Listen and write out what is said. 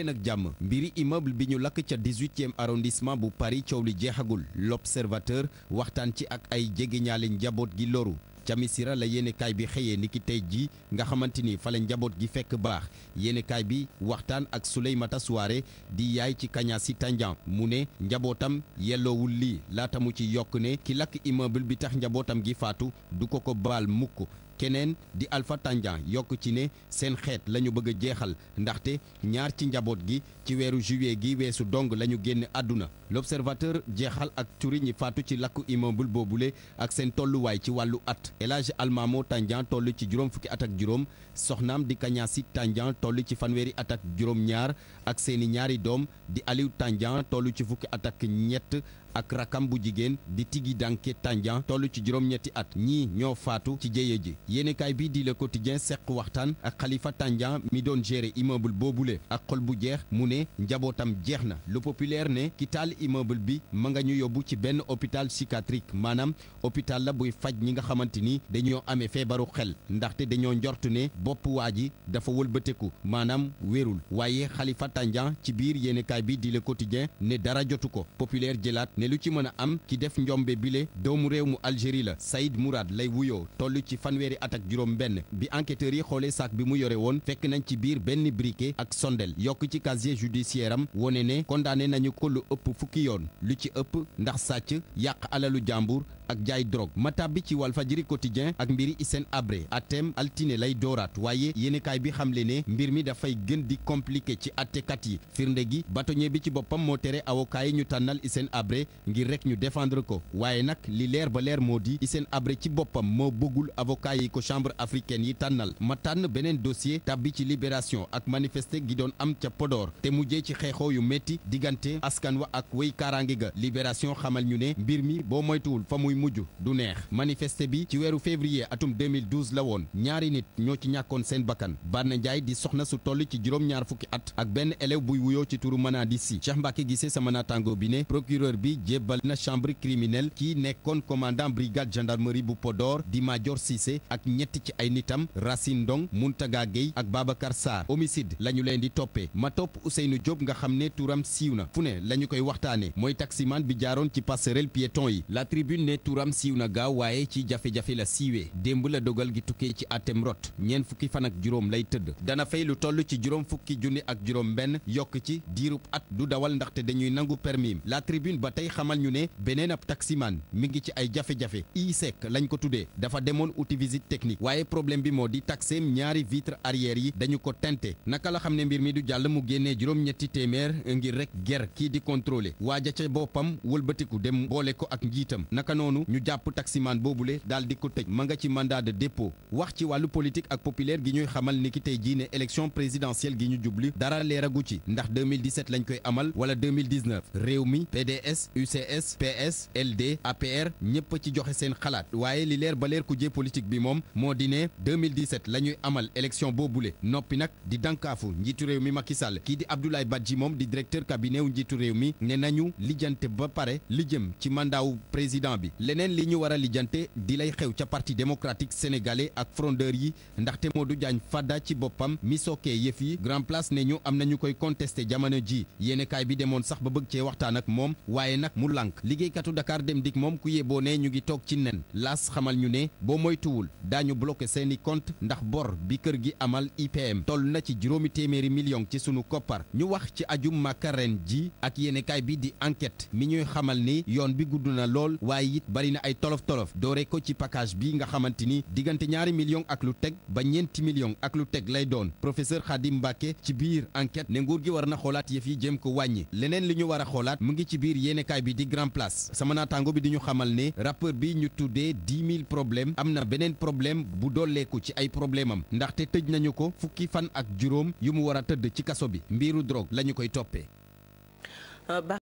leen ak jàmm mbiri immeuble bi ñu lakk ca 18e arrondissement bu Paris coow li jeexagul l'observateur waxtaan ci ak ay jegeñaale njaboot gi loru ca Missira la yéenekaay bi xëyee niki tey jii nga xamante ni fa njaboot gi fekk baax yéenekaay bi waxtaan ak Souleymata Souare di yaay ci Kañaasi Tandian mu ne njabootam yelloowul lii laata mu ci yokk ne ki lakk immeuble bi tax njabootam gi faatu du ko ko baal mukk keneen di Alpha Tandian yokk ci ne seen xeet la ñu bëgg a jeexal ndaxte ñaar ci njaboot gi ci weeru juillet gi weesu dong la ñu génn àdduna l'observateur jeexal ak turi ñi faatu ci lakku immeuble boobule ak seen tolluwaay ci wàllu at El Hadj Almamo Tandian ci juróom fukki at ak juróom soxnaam di Kañaasi Tandian toll ci fanweeri at ak juróom ñaar ak seeni ñaari doom di Aliou Tandian tollu ci fukki at ak ñett ak rakam bu jigéen di Tigi Danke Tandian toll ci juróom at ñii ñoo faatu ci jéye ji yéenekaay bi di Le Quotidien seq waxtaan ak Khalifa Tandian mi doon gérer immeuble boobule ak xol bu jeex mu ne njabootam jeex na lu Populaire ne ki taal immeuble bi ma nga ñu yóbbu ci benn hôpital psychiatrique maanaam hôpital la buy faj ñi nga xamante ni dañoo amee feebaru xel ndaxte dañoo njort ne bopp waa ji dafa wëlbateku maanaam wérul waaye xalifa Tandian ci biir yéenekaay bi di Le Quotidien ne dara jotu ko Populaire jëlaat ne lu ci mën a am ki def njombe bile doomu réew mu la Saïd Mourad lay wuyoo toll at ak juróom benn bi enquêteurs yi xoolee sac bi mu yore woon fekk nañ ci biir benn briquet ak sondel yokk ci casier judiciaire am wone ne condamné nañu ko lu ëpp fukki yoon lu ci ëpp ndax sàcc yàq alalu jàmbur ak jaay drogue ma tàbbi ci Walfadjri quotidien ak mbiri Hissène Habré atem altine lay dooraat waaye yéenekaay bi xamle ne mbir mi dafay gën di compliqué ci attekat yi firnde gi bâtonnier bi ci boppam moo tere avocat yi ñu tànnal seen abre ngir rek ñu defendre ko waaye nag li leer ba leer moo di seen Habré ci boppam moo bëggul avocat yi ko chambre africaine yi tànnal ma tànn beneen dossier tàbbi ci libération ak manifester gi doon am ca podoor te mujjee ci xeexoo yu métti diggante askan mujj du neex manifeste bi ci weeru février atum 2012 la woon ñaari nit ñoo ci ñàkkoon seen bakkan Banna Ndiaye di soxna su toll ci juróom-ñaar fukki at ak benn élève buy wuyoo ci turu Manadi Si Cheikh Mbacke gisee sama naataango bi ne procureur bi jébbal na chambre criminelle kii nekkoon commandant brigade gendarmerie bu podoor di Major Cissé ak ñetti ci ay nitam Racine Ndong Muntaga ak Babacar Sarr homicide la ñu leen di toppee ma topp Ousseynou Diop nga xam ne turam siiw na fu ne la ñu koy waxtaane mooy taximan bi jaaroon ci passerelle turam siiw na gaaw waaye ci jafe-jafe la siiwee démb la dogal gi tukkee ci atem rot ñeent fukki fan ak juróom lay tëdd dana fay lu toll ci juróom fukki junni ak juróom benn yokk ci diirub at du dawal ndaxte dañuy nangu permis la ba tey xamal ñu ne beneen ab taximaan mi ngi ci ay jafe-jafe ISEC lañ ko tuddee dafa demoon uti visite technique waaye problème bi moo di taxeem ñaari vitre arrière yi dañu ko tente naka la xam ne mbir mi du jàll mu génnee juróom-ñetti ngir rek ger kii di contrôler waaja boppam wëlbatiku dem ko ak njiitam noonu ñu jàpp taximaan boobule daal di ko tëj ma nga ci mandat de dépôt wax ci wàllu politique ak populaire gi ñuy xamal ni ki tey jii ne élection présidentielle gi ñu jubli dara leeragu ci ndax 2017 lañ koy amal wala 2019 réew mi PDS UCS PS LD APR ñëpp ci joxe seen xalaat waaye li leer ba leer ku jee politique bi moom moo di ne 2017 la ñuy amal élection boobule noppi nag di dànkaafu njiitu réew mi Macky Sall kii di Abdoulaye ji moom di directeur cabinet wu njiitu réew mi ne nañu lijjante ba pare li jëm ci mandat leneen li ñu war a lijjante di lay xew ca parti démocratique sénégalais ak frondeur yi ndaxte du Diagne Fada ci boppam mi sookee yëf yi grand place ne ñu am na ñu koy contesté jamono ji yéenekaay bi demoon sax ba bëgg cee waxtaan ak moom waaye nag mu lànk liggéeykatu Dakar dem dik moom ku yeboo ne ñu ngi toog ci nen laas xamal ñu ne boo moytuwul daañu bloqué seeni compte ndax bor bi kër gi amal IPM toll na ci juróomi téeméeri million ci sunu koppar ñu wax ci ajum makaren ji ak yéenekaay bi di enquête mi ñuy xamal ni yoon bi gudd na lool bari na ay tolof tolof dooree ko ci package bi nga xamante ni diggante ñaari millions ak lu teg ba ñeenti millions ak lu teg lay doon professeur Khadim Mbacke ci biir enquête ne nguur gi war na xoolaat yëf yi jëm ko wàññi leneen li ñu war a xoolaat mu ngi ci biir yéenekaay bi di grand place sama naataango bi di ñu xamal ne rappeur bi ñu tuddee dix mille problèmes am na beneen problème bu dolleeku ci ay problème am ndaxte tëj nañu ko fukki fan ak juróom yu mu war a tëdd ci kaso bi mbiiru drogue lañu koy toppee. Euh,